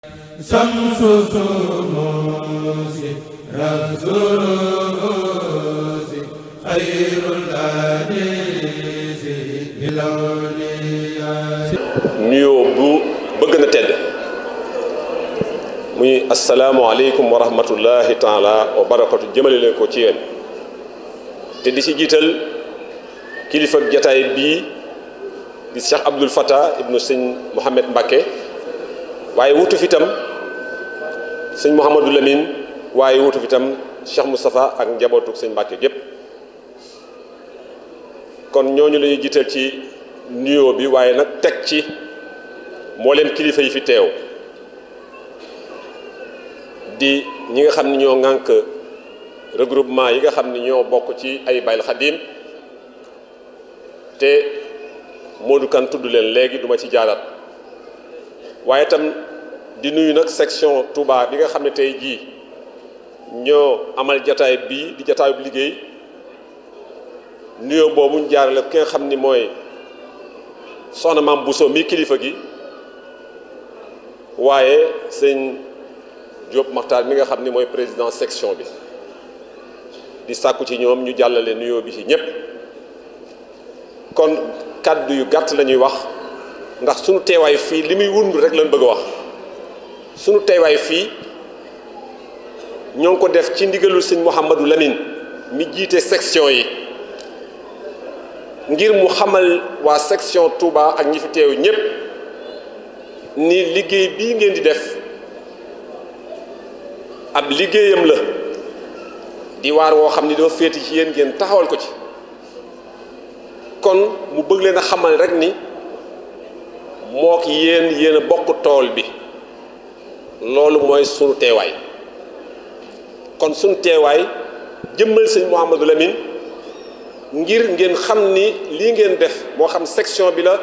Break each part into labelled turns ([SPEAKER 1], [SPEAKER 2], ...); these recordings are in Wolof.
[SPEAKER 1] شمس سموس رمز رؤوس خير الأنيس بالأولياء nuyoo bu bëgg na tedd muy asalaamualeykum wa rahmatullahi taala wa barakatu jëmale leen ko ci yéen te di ci jiital kilifa jataay bii di Cheikh Abdoul Fattah ibnu sëñ Mouhamed Mbacké waaye wutu fi tam sëñ Mouhamadou Lamine waaye wutu fi tam Cheikh Moustapha ak njabootu sëñ Mbàkke gépp kon ñooñu la ñuy jiital ci nuyoo bi waaye nag teg ci moo leen kilifa yi fi teew di ñi nga xam ni ñoo ŋànk regroupement yi nga xam ni ñoo bokk ci ay bayil xadim te Modou tudd leen léegi duma ci jaalaat waaye itam di nuyu nag section Touba bi nga xam ne tey jii ñoo amal jataay bii di jataay bu liggéey nuyoo boobu ñu jaarale ki nga xam ni mooy soxna bu Bousso mi kilifa gi waaye seen Diop Maxtaar bi nga xam ni mooy président section bi di sàkku ci ñoom ñu jàllale nuyoo bi ci ñépp kon kàddu yu gàtt lañuy wax ndax sunu teway fi limi wund rek lañ bëgg wax sunu teway fi ñoo ngi ko def ci ndigalul sëñ Mouhamadou Lamine mi jité section yi ngir mu xamal wa section Touba ak ñi fi teew ñep ni liggéey bi ngeen di def ab liggéeyam la di waar woo xam ni dafa féeti ci yeen ngeen taxawal ko ci kon mu bëgg leen a xamal rek ni moo ki yéen yéen a bokk tool bi loolu mooy sunu teewaay kon sunu teewaay jëmmal sëñ Mouhamadou Lamine ngir ngeen xam ni lii ngeen def moo xam section bi la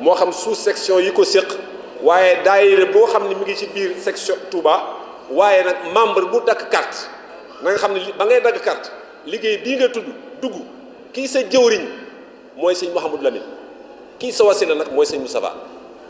[SPEAKER 1] moo xam sous section yi ko séq waaye daayira boo xam ne mu ngi ci biir section Touba waaye nag membre bu dakk carte na xam ne ba ngay dagg carte liggéey bii nga tudd dugg kii sa jëwriñ mooy sëñ Mouhamadou Lamine kii sa wasila nag mooy sëñ Moustapha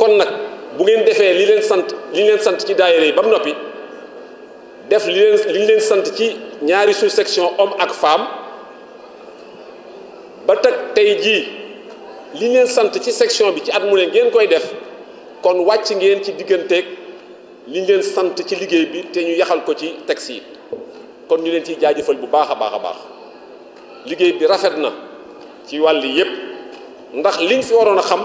[SPEAKER 1] kon nak bu ngeen defé li leen sante li leen sante ci daayira yi ba nopi def li leen li leen sante ci ñaari sous section homme ak femme ba tak tay ji li leen sante ci section bi ci at mu ne ngeen koy def kon wacc ngeen ci digganteeg li leen sante ci liggéey bi te ñu yaxal ko ci taxi kon ñu leen ci jaajeufal bu baax a baax a baax liggéey bi rafet na ci wàll yépp ndax liñ fi waroon a xam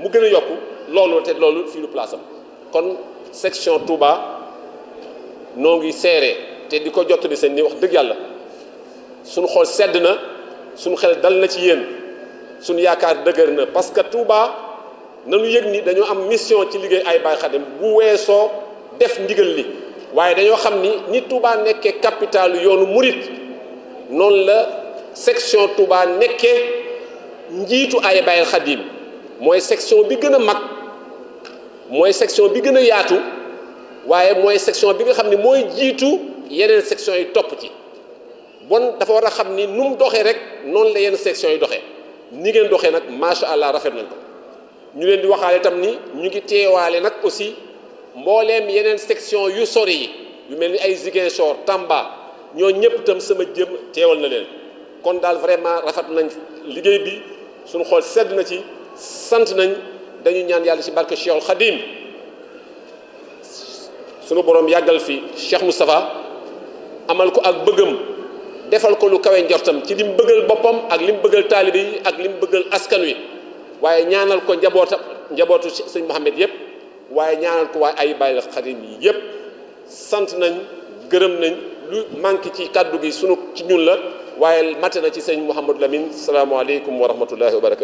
[SPEAKER 1] mu gën a yokk loolu te loolu fii lu place kon section Touba noo ngi seeree te di ko jottali seen ni wax dëgg yàlla suñu xool sedd na suñu xel dal na ci yéen suñu yaakaar dëgër na parce que Touba nanu yëg ni dañoo am mission ci liggéey ay Baye Khadim bu weesoo def ndigal li waaye dañoo xam ni ñi tuuba nekkee capitale yoonu murit noonu la section Touba nekkee njiitu ay Baye Khadim moy section bi gëna mag moy section bi gëna a yaatu waaye section bi nga xam ni mooy jiitu yeneen section yi topp ci bon dafa war a xam ni nu rek noonu la yeneen section yi doxe ni ngeen doxee nag macha allah rafet nañ ko ñu leen di waxaale tam ñu ngi teewaale nag aussi mbooleem yeneen section yu sori yi yu mel ni ay Tamba ñoo ñëpp tam sama jëm teewal na leen kon daal vraiment rafet nañ liggéey bi suñu xool sedd na ci sant nañ dañu ñaan yàlla ci barke Cheikhul Khadim sunu borom yàggal fi Cheikh Moustapha amal ko ak bëggam defal ko lu kawe njortam ci lim bëggal boppam ak lim bëggal taalibe yi ak lim bëggal askan wi waaye ñaanal ko njabootam njabootu sëñ mohammed yëpp waaye ñaanal ko waaye ay bàyyi Xadim yi yëpp sant nañ gërëm nañ lu manki ci kàddu gi sunu ci ñun la waaye mate na ci sëñ mohammed Lamine salaamaaleykum wa rahmatullahi wa barakatuh